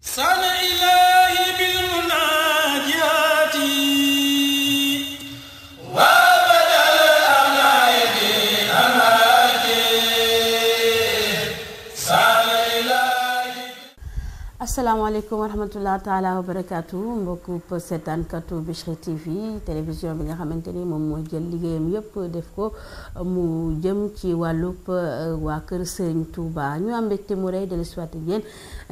Sana asalaamaaleykum wa rahmatullah taala wa barakaatu mbokku seetaankatu Bichri TV télévision bi nga xamante ni moom moo jël liggéeyam yëpp def ko mu jëm ci wàllub euh, waa kër sëñ Touba ñu am mbégte mu rey dellu siwaat ak yéen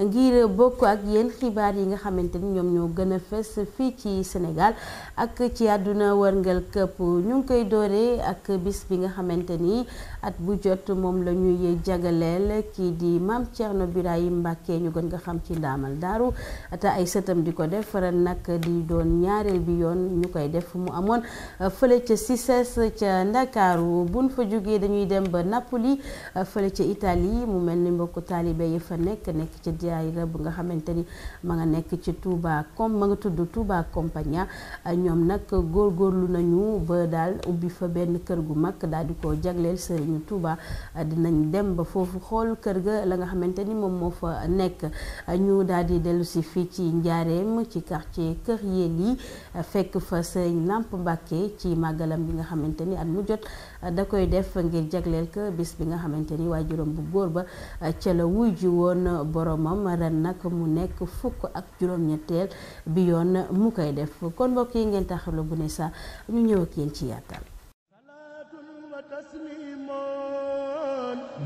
ngir bokk ak yéen xibaar yi nga xamante ni ñoom ñoo gën a fës fii ci Sénégal ak ci àdduna wërngal këpp ñu ngi koy dooree ak bis bi nga xamante ni at bu jot moom la ñuy jagaleel kii di maam Thierno Birahim Mbacke ñu gën nga xam ci ndax ndaamal daaru te ay sëtam di ko def ren nag di doon ñaareel bi yoon ñu koy def mu amoon euh, fële ca Cices ca Ndakaaru bu buñ fa jógee dañuy dem ba Napoli euh, fële ca Italie mu mel ni mbokku taalibe yi fa nekk nekk ca daayira bu nga xamante ni ma nga nekk ci Touba comme ma nga tudd Touba Compagnia euh, ñoom nag góorgóorlu nañu ba daal ubbi fa benn kër gu mag daal di ko jagleel sëriñu Touba dinañ dem ba foofu xool kër ga la nga xamante ni moom moo fa nekk ñu ñu daal di dellu si fii ci njaareem ci quartier Kër Yéli fekk fa sëñ Lamp Mbàkke ci màggalam bi nga xamante ni at mu jot da koy def ngir jagleel ko bis bi nga xamante ni juróom bu góor ba ca la wuy ji woon boromam ren nak mu nekk fukk ak juróom-ñetteel bi yoon mu koy def kon mbokk yi ngeen taxawlu bu ne sa ñu ñëw ak ci yaatal.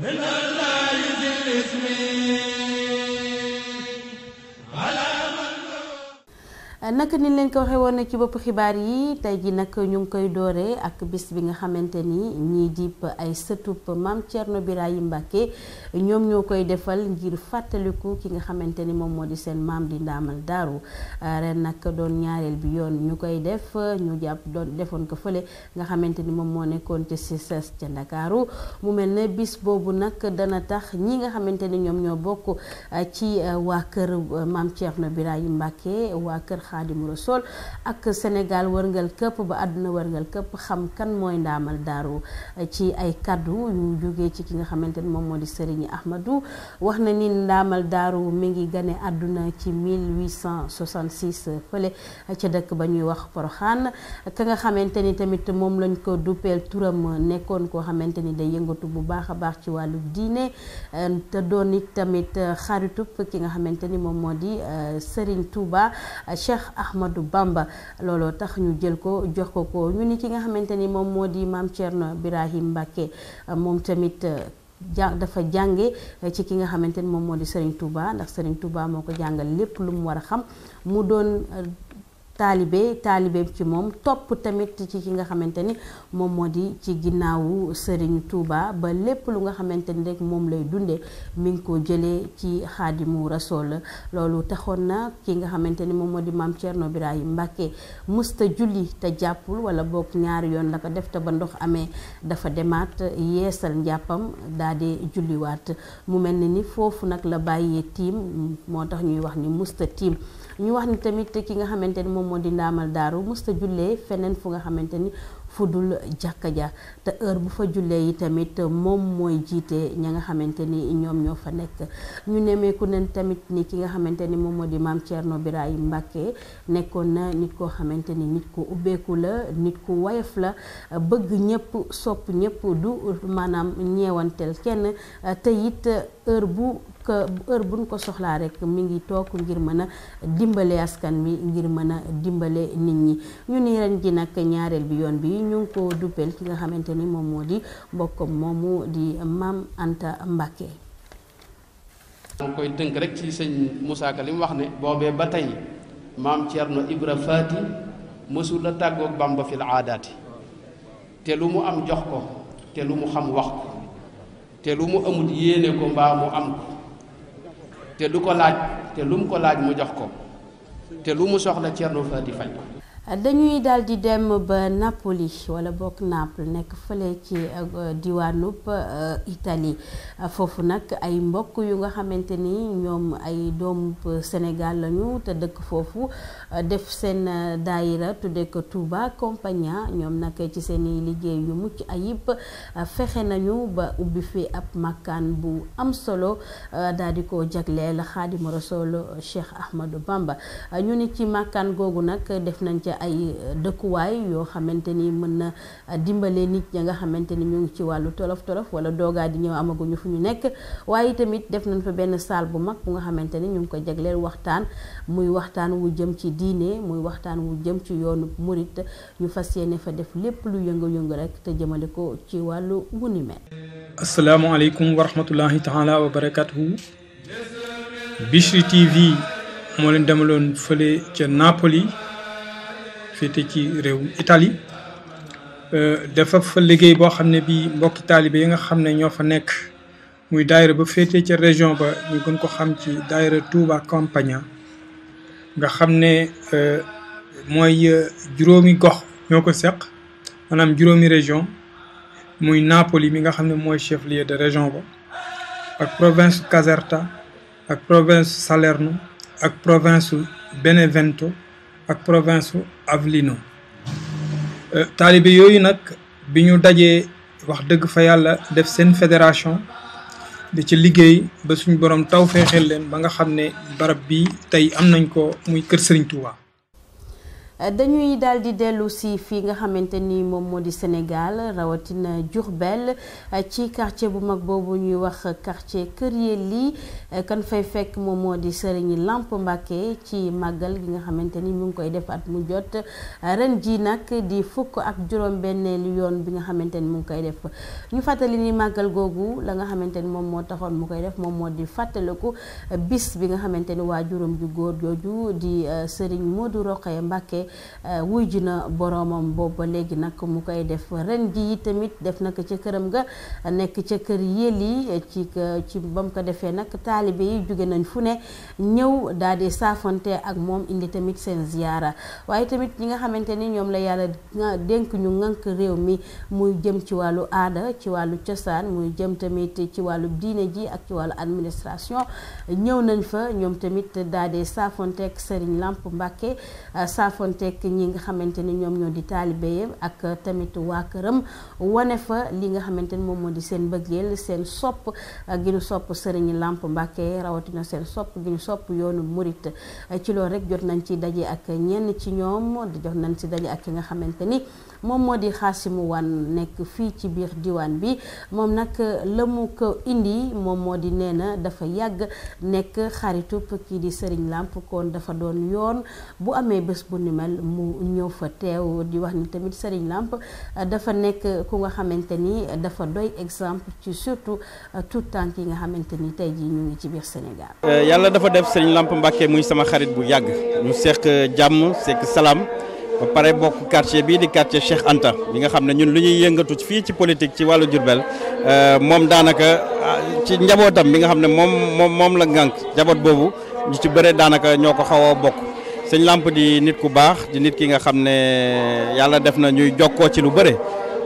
من لا يجي الاسمين naka ni leen ko waxee woon na ci bopp xibaar yi tey ji nag ñu ngi koy dooree ak bis bi nga xamante ni ñii di ay sëtub maam Thierno Birahim Mbacké ñoom ñoo koy defal ngir fàttaliku ki nga xamante ni moom moo di seen maam di ndaamal daaru ah, ren nag doon ñaareel bi yoon ñu koy def ñu jàpp doon defoon ko fële nga xamante ni moom moo nekkoon ci CICES ca Ndakaaru mu mel ne bis boobu nag dana tax ñi nga xamante ni ñoom ñoo bokk ah, ci ah, waa kër maam Thierno Birahim waa kër xaadimu rasool ak Sénégal wërngal këpp ba àdduna wërngal këpp xam kan mooy ndaamal daaru ci ay kaddu yu jógee ci ki nga xamante ni moom moo di Serigne Ahmadou wax na ni ndaamal daaru mi ngi gane àdduna ci 1866 fële ca dëkk ba ñuy wax Poroxaan ka nga xamante ni tamit moom lañ ko duppeel turam nekkoon koo xamante ni day yëngatu bu baax a baax ci wàllu diine te doon it tamit xaritub ki nga xamante ni moom moo di euh, Serigne Touba Cheikh Cheikh Ahmadou Bamba looloo tax ñu jël ko jox ko ko ñu ni ki nga xamante ni moom moo di maam Thierno Birahim Mbacké moom tamit euh, jàng dafa jànge euh, ci ki nga xamante ni moom moo di Serigne Touba ndax Serigne Touba moo ko jàngal lépp lu mu war a xam mu doon euh, taalibe taalibe ci moom topp tamit ci ki nga xamante ni moom moo di ci ginnaawu Serigne tuubaa ba lépp lu nga xamante ni rek moom lay dundee mi ngi ko jëlee ci xaadimu rasool loolu taxoon na ki nga xamante ni moom moo di maam Thierno Birahim Mbacke musta julli te jàppul wala boog ñaari yoon la ko def te ba ndox amee dafa demaat yeesal njàppam daa di julliwaat mu mel ne ni foofu nag la bàyyee tiim moo tax ñuy wax ni musta tiim ñu wax ni tamit ki moom moo di ndaamal daaru musta jullee feneen fu nga xamante ni fu dul jàkk ja te heure bu fa jullee yi tamit moom mooy jiite ña nga xamante ni ñoom ñoo fa nekk ñu nemeeku nen tamit ni ki nga xamante ni moom moo di maam Thierno Biraye Mbacke nekkoon na nit koo xamante ni nit ko ubbeeku la nit ku woyof la bëgg ñëpp sopp ñëpp du maanaam ñeewanteel kenn te it bu que bu buñ ko soxlaa rekk mi ngi toog ngir mën a dimbale askan wi ngir mën a dimbale nit ñi ñu ni ren ji nag ñaareel bi yoon bi ñu ngi ko duppeel ki nga xamante ni moom moo di mbokkam moomu di Maam Anta Mbàkke ma koy tënk rek ci sëñ Moussa Ka wax ne boobee ba tey maam Thierno Ibra Faati mësul a tàggoog Bamba fil aadaati te lu mu am jox ko te lu mu xam wax ko te lu mu amut yéene ko mbaa mu am te du ko laaj te lu mu ko laaj mu jox ko te lu mu soxla Ceerno Faati faj dañuy daal di dem ba Napoli wala bokk Naples nekk fële ci euh, diwaanub euh, Italie foofu nag ay mbokk yu nga xamante ni ñoom ay doom Sénégal lañu te dëkk foofu euh, def seen daayira tudde ko Touba Compagnia ñoom nag ci seen liggéey yu mucc ayib fexe nañu ba ubbi fi ab makkaan bu am solo daal di ko jagleel Xaadimu Rasuul Cheikh Ahmadou Bamba ñu ni ci makkaan googu nag def nañ ci ay euh, dëkkuwaay yoo xamante ni mën na euh, dimbale nit ña nga xamante ni ñu ngi ci wàllu tolof tolof wala doogaa di ñëw amaguñu fu ñu nekk waaye tamit def nañ fa benn salle bu mag bu nga xamante ni ñu ngi ko jagleel waxtaan muy waxtaan wu jëm ci diine muy waxtaan wu jëm ci yoonu murit ñu fas yéene fa def lépp lu yëngu-yëngu rek te jëmale ko ci wàllu wu ni mel. asalaamaaleykum wa rahmatulahi taala wa barakatuhu TV moo leen demaloon fële ca Napoli. féete ci réew itali euh, dafa fa liggéey boo xam ne bi mbokki taalibe yi nga xam ne ñoo fa nekk muy daayira ba féete ca région ba ñu gën ko xam ci daayira Touba Campagna nga xam ne euh, mooy euh, juróomi gox ñoo ko seq maanaam juróomi région muy Napoli mi nga xam ne mooy chef lieu de région ba ak province Caserta ak province Salerno ak province Benevento ak province su Avellino euh, taalibe yooyu nag bi ñu dajee wax dëgg fa yàlla def seen fédération di ci liggéey ba suñu borom taw feexeel leen ba nga xam ne barab bi tey am nañ ko muy kër Serigne Touba. dañuy daal di dellu si fii nga xamante ni moom moo di Sénégal rawatina Diourbel ci quartier bu mag boobu ñuy wax quartier Kër Yelli kan fay fekk moom moo di Serigne Lamp Mbacké ci màggal gi nga xamante ni mu ngi koy def mu jot ren ji nag di fukk ak juróom-benneelu yoon bi nga xamante ni mu ngi koy def ñu fàttali ni màggal googu la nga xamante ni moom moo taxoon mu koy def moom moo di fàttaliku bis bi nga xamante ni waa juróom ju góor jooju di euh, Serigne Modou Rokhaya Mbacké ne euh, wuy ji na boroomam boobu ba léegi nag mu koy def ren ji tamit def na ko ca këram ga nekk ca kër yëli ci ci ba ko defee nag taalibe yi jóge nañ fu ne ñëw daal di saafante ak moom indi tamit seen ziyaara waaye tamit ñi nga xamante ni ñoom la yàlla dénk ñu ngànk réew mi muy jëm ci wàllu aada ci wàllu cosaan muy jëm tamit ci wàllu diine ji ak ci wàllu administration ñëw nañ fa ñoom tamit daal di saafonte ak Serigne Lamp Mbàkke euh, saafonte jokkonteeg ñi nga xamante ni ñoom ñoo di taalibe yi ak tamit waa këram wane fa li nga xamante ni moom moo di seen bëggeel seen sopp gi ñu sopp sëriñ làmp Mbàkke rawatina seen sopp gi ñu sopp yoonu murit ci loolu rek jot nañ ci daje ak ñenn ci ñoom jot nañ ci daje ak ki nga xamante ni moom moo di xaasimu wan nekk fii ci biir diwaan bi moom nag la mu ko indi moom moo di nee na dafa yàgg nekk xaritub kii di sëriñ làmp kon dafa doon yoon bu amee amal mu ñëw fa teew di wax ni tamit Serigne Lamp dafa nekk ku nga xamante ni dafa doy exemple ci surtout tout tànk yi nga xamante ni tey jii ñu ngi ci biir Sénégal. Euh, yàlla dafa def Serigne Lamp Mbacke muy sama xarit bu yàgg ñu seq jàmm seq salaam. ba pare bokk quartier bii di quartier Cheikh Anta bi nga xam ne ñun lu ñuy yëngatu fii ci politique ci wàllu Jurbel euh, moom daanaka ah, ci njabootam bi nga xam ne moom moom moom la ngànk njaboot boobu ñu ci bëre daanaka ñoo ko xaw a sëñ làmp di nit ku baax di nit ki nga xam ne yàlla def na ñuy jokkoo ci lu bëre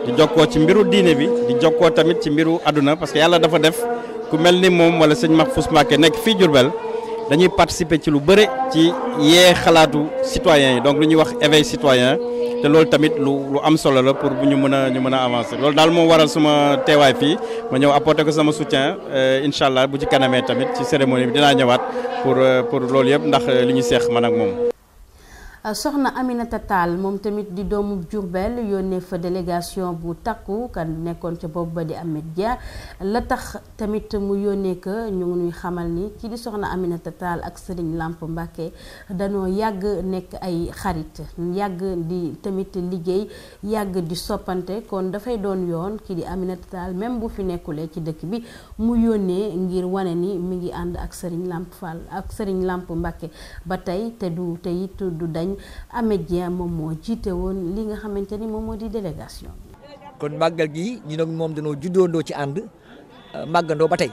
di jokkoo ci mbiru diine bi di jokkoo tamit ci mbiru àdduna parce que yàlla dafa def ku mel ni moom wala sëñ Mahfous Mbacké nekk fii Diourbel dañuy participer ci lu bëre ci yee xalaatu citoyens yi donc lu ñuy wax éveil citoyen te loolu tamit lu am solo la pour bu ñu mën a ñu mën a avancer loolu daal moo waral suma teewaay fii ma ñëw apporter ko sama soutien euh, incha allah bu ci kanamee tamit ci cérémonie bi dinaa ñëwaat pour euh, pour loolu yëpp ndax euh, li ñu seex man ak moom. Euh, soxna Aminata taal moom tamit di doomu Diourbel yónnee fa délégation bu takku kan nekkoon ca bopp ba di Ahmed Dia la tax tamit mu yónnee ka ñu ngi xamal ni kii di soxna Aminata taal ak Serigne làmp Mbacke danoo yàgg nekk ay xarit yàgg di tamit liggéey yàgg di soppante kon dafay doon yoon kii di Aminata même bu fi nekkulee ci dëkk bi mu yónnee ngir wane ni mi ngi ànd ak Serigne Lamp Fall ak Serigne Lamp Mbacke ba tey te du te du dañ Ameth Dieng moom moo jiite woon li nga xamante ni moom moo di délégation kon màggal gi ñu nag moom dañoo juddoondoo ci ànd euh, màggandoo ba tey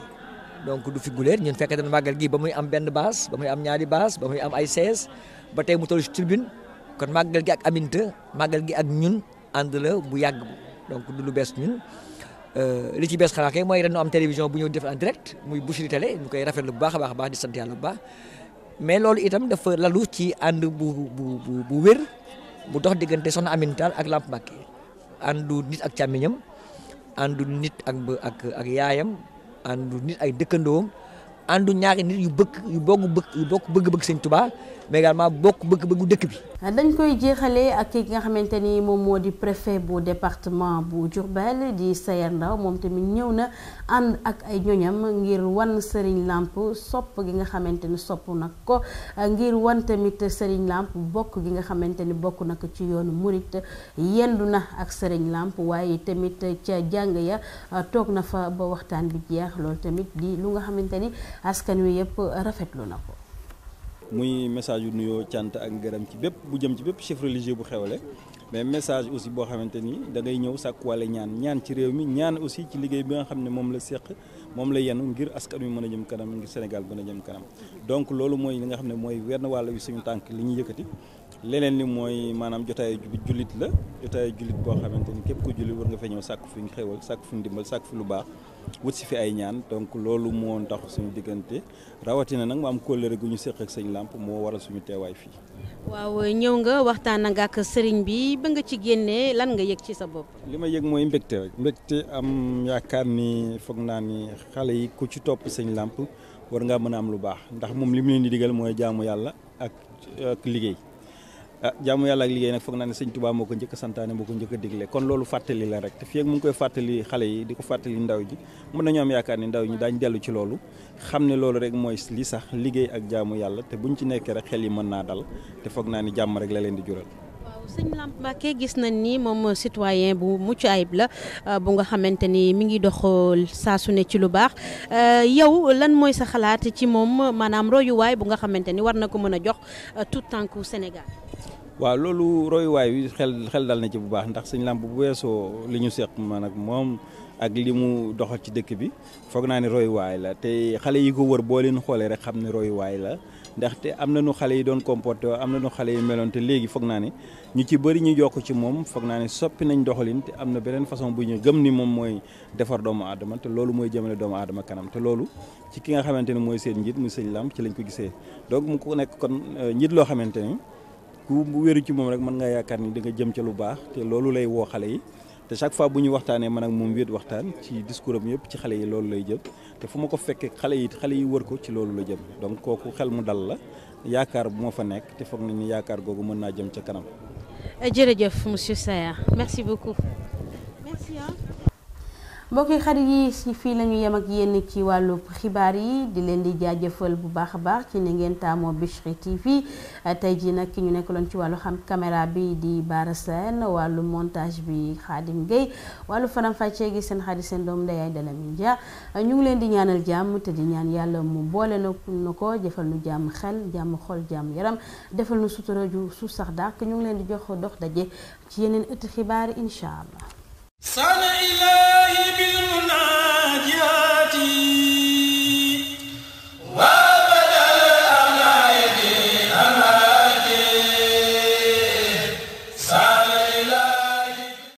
donc du fi guleet ñun fekkee dañ màggal gi ba muy am benn baas ba muy am ñaari baas ba muy am ay seize ba tey mu toll ci tribune kon màggal gi ak Aminta màggal gi ak ñun ànd la bu yàgg donc du lu bees ñun euh, li ci bees xanaa kay mooy ren am télévision bu ñëw def en direct muy Bichri Télé ñu koy rafetlu bu baax a baax di sant yàlla bu baax mais loolu itam dafa lalu ci ànd bu bu bu wér bu dox diggante soxna Amintal ak Lamp Mbacké àndu nit ak càmmiñam àndu nit ak ak ak yaayam àndu nit ay dëkkandoom àndu ñaari nit yu bëgg yu bokk bëgg yu bokk bëgg mais également bokk bëgg-bëggu dëkk bi. dañ koy jeexalee ak ki nga xamante ni moom moo di préfet bu département bu Diourbel di Sayer Ndaw moom tamit ñëw na ànd ak ay ñoñam ngir wan Serigne làmp sopp gi nga xamante ni sopp nag ko ngir wan tamit Serigne Lamp bokk gi nga xamante ni bokk na ko ci yoonu Mouride yendu na ak Serigne làmp waaye tamit ca jàng ya toog na fa ba waxtaan bi jeex loolu tamit di lu nga xamante ni askan wi yëpp rafetlu na ko. muy message yu nuyoo cant ak ngërëm ci bépp bu jëm ci bépp chef religieux bu xewle mais message aussi boo xamante ni da ngay ñëw sàkkuwaale ñaan ñaan ci réew mi ñaan aussi ci liggéey bi nga xam ne moom la séq moom la yenu ngir askan wi mën a jëm kanam ngir Sénégal mën a jëm kanam donc loolu mooy li nga xam ne mooy wenn wàll wi suñu tànk li ñu yëkkati leneen li mooy maanaam jotaayu jullit la jotaayu jullit boo xamante ni képp ku jullit war nga fa ñëw sàkku fi ñu xewal sàkku fi ñu dimbal fi lu baax wut fi ay ñaan donc loolu moo tax suñu diggante rawatina nag mu am kóllëre gu ñu séq ak sëñ làmp moo waral suñu teewaay fii. waaw ñëw nga waxtaan nga ak sëriñ bi ba nga ci génne lan nga yëg ci sa bopp. li ma yëg mooy mbégte rek mbégte am yaakaar ni foog naa ni xale yi ku ci topp sëñ làmp war ngaa mën a am lu baax ndax moom li mu leen di digal mooy jaamu yàlla ak ak liggéey. ah jaamu yàlla ak liggéey nag foog naa ne sëñ Tuubaa moo ko njëkk a santaane moo ko njëkk a digle kon loolu fàttali la rek te fii ak mu ngi koy fàttali xale yi di ko fàttali ndaw yi mën nañu am yaakaar ni ndaw ñi daañ dellu ci loolu xam ne loolu rek mooy li sax liggéey ak jaamu yàlla te buñ ci nekkee rek xel yi mën naa dal te foog naa ni jàmm rek la leen di jural sëñ Lamp Mbacké gis nañ ni moom citoyen bu mucc ayib la euh, bu nga xamante ni mi ngi dox euh, saa su ne ci lu baax euh, yow lan mooy sa xalaat ci moom maanaam royuwaay bu nga xamante ni war na ko mën a jox tout tànku Sénégal. waaw loolu royuwaay bi xel xel dal na ci bu baax ndax sëñ Lamp bu weesoo li ñu seq man ak moom. ak li mu doxal ci dëkk bi foog naa ne royuwaay la te xale yi ko wër boo leen xoolee rek xam ne royuwaay la ndaxte am na nu xale yi doon comporté am na nu xale yi meloon te léegi foog naa ni ñu ci bëri ñu jokk ci moom foog naa ne soppi nañ doxalin te am na beneen façon bu ñu gëm ni moom mooy defar doomu aadama te loolu mooy jëmale doomu aadama kanam te loolu ci ki nga xamante ne mooy seet njiit mu sëñ Lamp ci lañ ko gisee donc mu ko nekk kon euh, njiit loo xamante ni ku wéru ci moom rek mën nga yaakaar ni di nga jëm ca lu baax te loolu lay woo xale yi te chaque fois bu ñu waxtaanee man ak moom wéet waxtaan ci discours am yëpp ci xale yi loolu lay jëm te fu ma ko fekkee xale yi xale yi wër ko ci loolu la jëm donc kooku xel mu dal la yaakaar moo fa nekk te foog nañ ni yaakaar googu mën naa jëm ca kanam. jërëjëf monsieur Saya merci beaucoup. merci. mbokki xarit yi si fii lañu yem ak yéen ci wàllu xibaar yi di leen di jaajëfal bu baax a baax ci ne ngeen taamoo Bichri fii tey jii nag ki ñu loon ci wàllu xam caméra bi di baara Sène wàllu montage bi Khadim Gueye wàllu faram-fàccee gi seen xarit seen doom ndeyaay Dlamine jaar ñu ngi leen di ñaanal jàmm te di ñaan yàlla mu boole na ko jëfal nu jàmm xel jàmm xol jàmm yaram defal nu sutura ju su sax dàq ñu ngi leen di jox dox daje ci yeneen ëtt xibaar incha allah sana ilaahi bil munaajaati